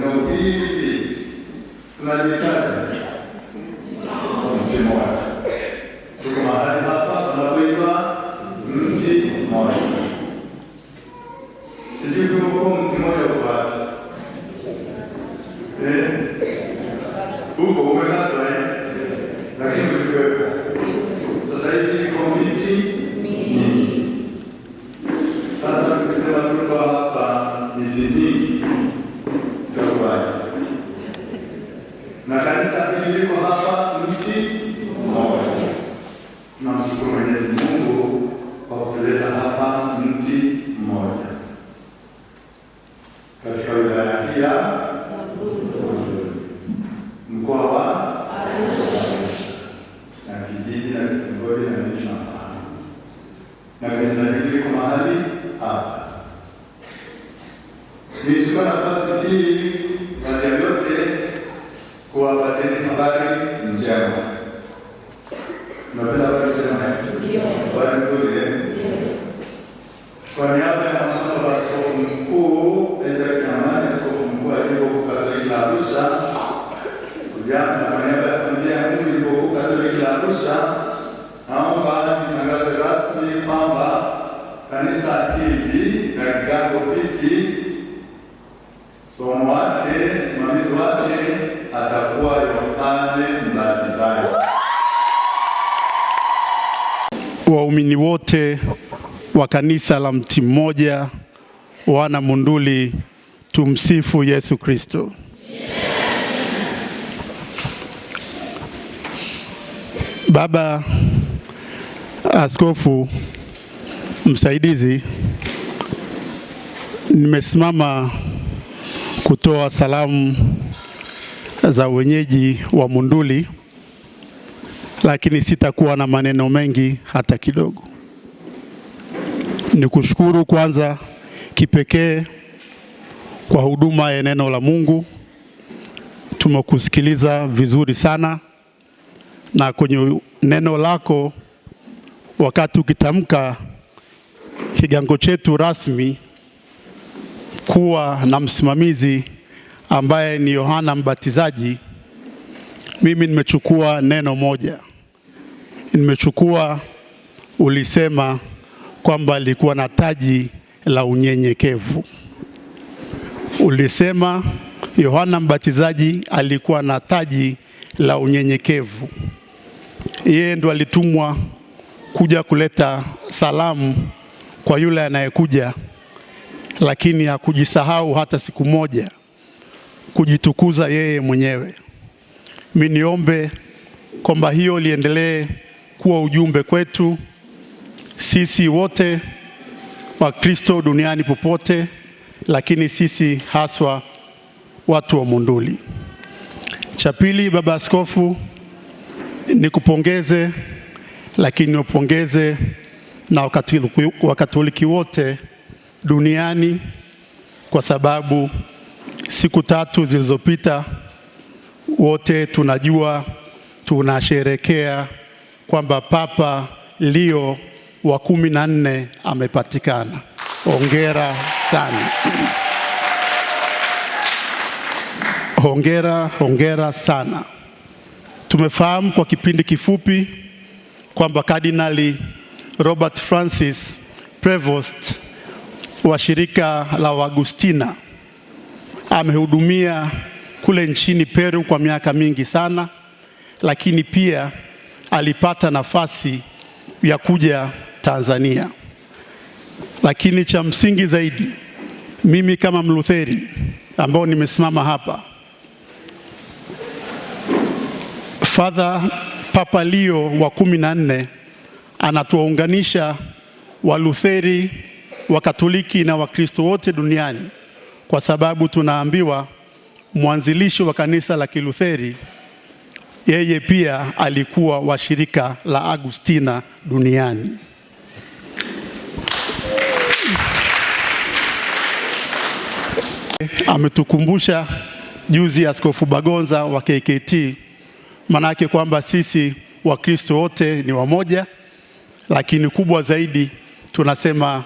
eneo hili tunajitaka mtimoa kuwapateni habari njema. Unapenda habari njema? Habari nzuri. Eh? Kwa niaba ya mashamba ya askofu mkuu Isaac Amani, askofu mkuu aliyeko Katoliki la Arusha, ujana, kwa niaba ya familia yangu iliyoko Katoliki la Arusha, naomba wote wa kanisa la Mti Mmoja wana Munduli, tumsifu Yesu Kristo. Baba Askofu msaidizi, nimesimama kutoa salamu za wenyeji wa Munduli, lakini sitakuwa na maneno mengi hata kidogo. Ni kushukuru kwanza kipekee kwa huduma ya neno la Mungu. Tumekusikiliza vizuri sana, na kwenye neno lako wakati ukitamka kigango chetu rasmi kuwa na msimamizi ambaye ni Yohana Mbatizaji, mimi nimechukua neno moja, nimechukua ulisema kwamba alikuwa na taji la unyenyekevu. Ulisema Yohana Mbatizaji alikuwa na taji la unyenyekevu. Yeye ndo alitumwa kuja kuleta salamu kwa yule anayekuja, lakini hakujisahau hata siku moja kujitukuza yeye mwenyewe. Mi niombe kwamba hiyo liendelee kuwa ujumbe kwetu. Sisi wote Wakristo duniani popote, lakini sisi haswa watu wa Monduli. Cha pili, baba askofu, nikupongeze, lakini niwapongeze na Wakatoliki, Wakatoliki wote duniani kwa sababu siku tatu zilizopita wote tunajua tunasherekea kwamba Papa Leo wa kumi na nne amepatikana. Hongera sana, hongera, hongera sana. Tumefahamu kwa kipindi kifupi kwamba Kardinali Robert Francis Prevost wa shirika la wagustina amehudumia kule nchini Peru kwa miaka mingi sana, lakini pia alipata nafasi ya kuja Tanzania. Lakini cha msingi zaidi, mimi kama Mlutheri ambao nimesimama hapa, Father Papa Leo wa kumi na nne anatuwaunganisha Walutheri, Wakatoliki na Wakristo wote duniani kwa sababu tunaambiwa mwanzilishi wa kanisa la Kilutheri yeye pia alikuwa wa shirika la Agustina duniani. ametukumbusha juzi Askofu Bagonza wa KKT, yake kwamba sisi Wakristo wote ni wamoja, lakini kubwa zaidi tunasema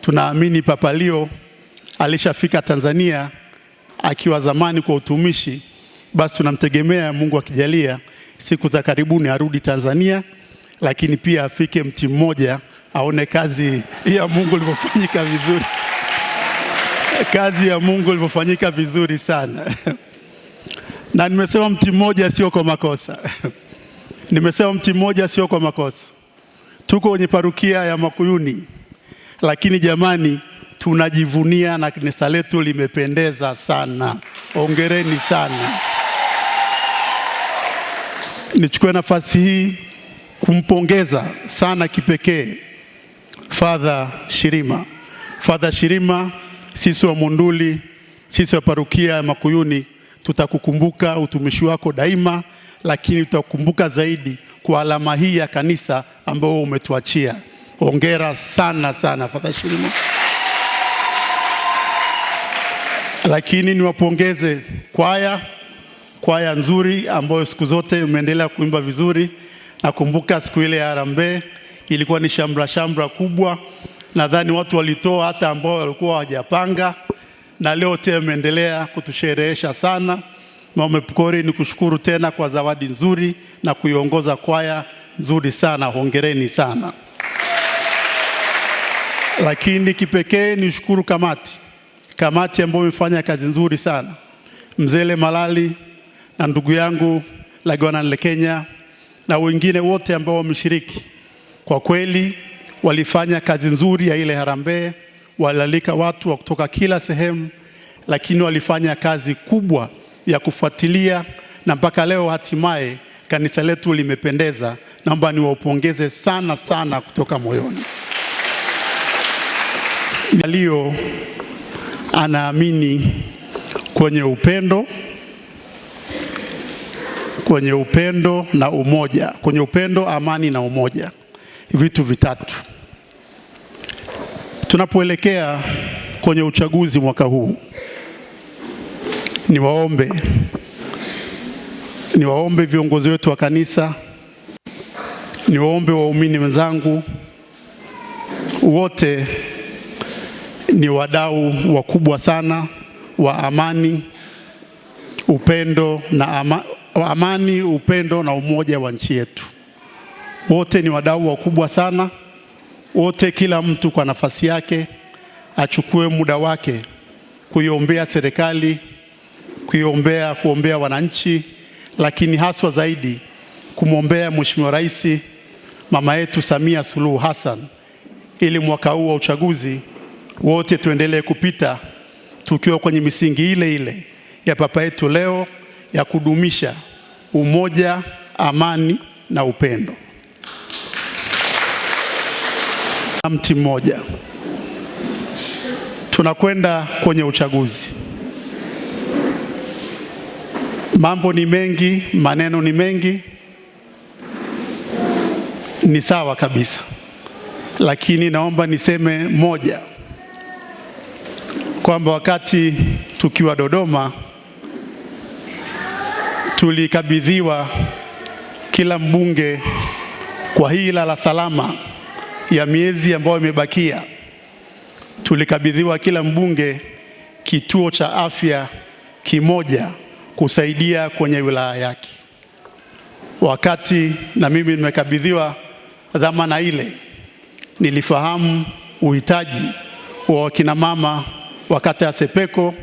tunaamini Papa Leo alishafika Tanzania akiwa zamani kwa utumishi, basi tunamtegemea Mungu akijalia siku za karibuni arudi Tanzania, lakini pia afike mti mmoja aone kazi ya Mungu ilivyofanyika vizuri kazi ya Mungu ilivyofanyika vizuri sana na nimesema mti mmoja sio kwa makosa nimesema mti mmoja sio kwa makosa. Tuko kwenye parukia ya Makuyuni, lakini jamani, tunajivunia na kanisa letu limependeza sana. ongereni sana. Nichukue nafasi hii kumpongeza sana kipekee Father Shirima, Father Shirima sisi wa Munduli, sisi wa parokia ya Makuyuni tutakukumbuka utumishi wako daima, lakini tutakukumbuka zaidi kwa alama hii ya kanisa ambayo umetuachia. Hongera sana sana Padre Lakini niwapongeze kwaya, kwaya nzuri ambayo siku zote umeendelea kuimba vizuri. Nakumbuka siku ile ya harambee ilikuwa ni shamra shamra kubwa. Nadhani watu walitoa hata ambao walikuwa hawajapanga, na leo tena umeendelea kutusherehesha sana. Mama Pokori, kushukuru tena kwa zawadi nzuri na kuiongoza kwaya nzuri sana, hongereni sana. Lakini kipekee nishukuru kamati, kamati ambayo imefanya kazi nzuri sana, Mzele Malali na ndugu yangu Lagwana Lekenya na wengine wote ambao wameshiriki kwa kweli walifanya kazi nzuri ya ile harambee, walialika watu wa kutoka kila sehemu, lakini walifanya kazi kubwa ya kufuatilia na mpaka leo hatimaye kanisa letu limependeza. Naomba niwaupongeze sana sana kutoka moyoni. Leo anaamini kwenye upendo, kwenye upendo na umoja, kwenye upendo, amani na umoja, vitu vitatu. Tunapoelekea kwenye uchaguzi mwaka huu, niwaombe niwaombe viongozi wetu wa kanisa, niwaombe waumini wenzangu wote, ni wadau wakubwa sana wa amani, upendo na ama, wa amani, upendo na umoja wa nchi yetu. Wote ni wadau wakubwa sana wote, kila mtu kwa nafasi yake achukue muda wake kuiombea serikali, kuiombea kuombea wananchi, lakini haswa zaidi kumwombea Mheshimiwa Rais mama yetu Samia Suluhu Hassan, ili mwaka huu wa uchaguzi wote tuendelee kupita tukiwa kwenye misingi ile ile ya papa yetu leo ya kudumisha umoja, amani na upendo. na mti mmoja. Tunakwenda kwenye uchaguzi, mambo ni mengi, maneno ni mengi, ni sawa kabisa, lakini naomba niseme moja kwamba wakati tukiwa Dodoma tulikabidhiwa kila mbunge kwa hila la Salama ya miezi ambayo imebakia, tulikabidhiwa kila mbunge kituo cha afya kimoja kusaidia kwenye wilaya yake. Wakati na mimi nimekabidhiwa dhamana ile, nilifahamu uhitaji wa wakinamama wa kata ya Sepeko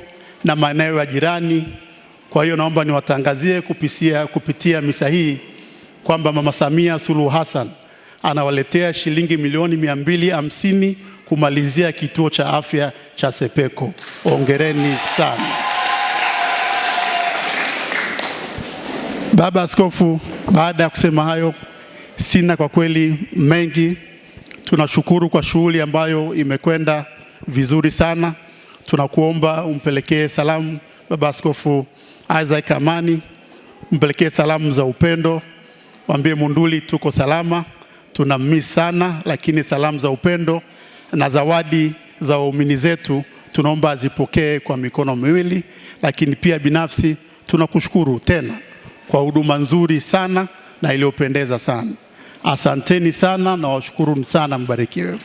na maeneo ya jirani. Kwa hiyo naomba niwatangazie kupitia, kupitia misa hii kwamba Mama Samia Suluhu Hassan anawaletea shilingi milioni mia mbili hamsini kumalizia kituo cha afya cha Sepeko. ongereni sana. Baba Askofu, baada ya kusema hayo, sina kwa kweli mengi. Tunashukuru kwa shughuli ambayo imekwenda vizuri sana. Tunakuomba umpelekee salamu Baba Askofu Isaac Amani, umpelekee salamu za upendo, mwambie Munduli tuko salama tuna miss sana, lakini salamu za upendo na zawadi za waumini zetu tunaomba azipokee kwa mikono miwili. Lakini pia binafsi tunakushukuru tena kwa huduma nzuri sana na iliyopendeza sana. Asanteni sana na washukuruni sana, mbarikiwe.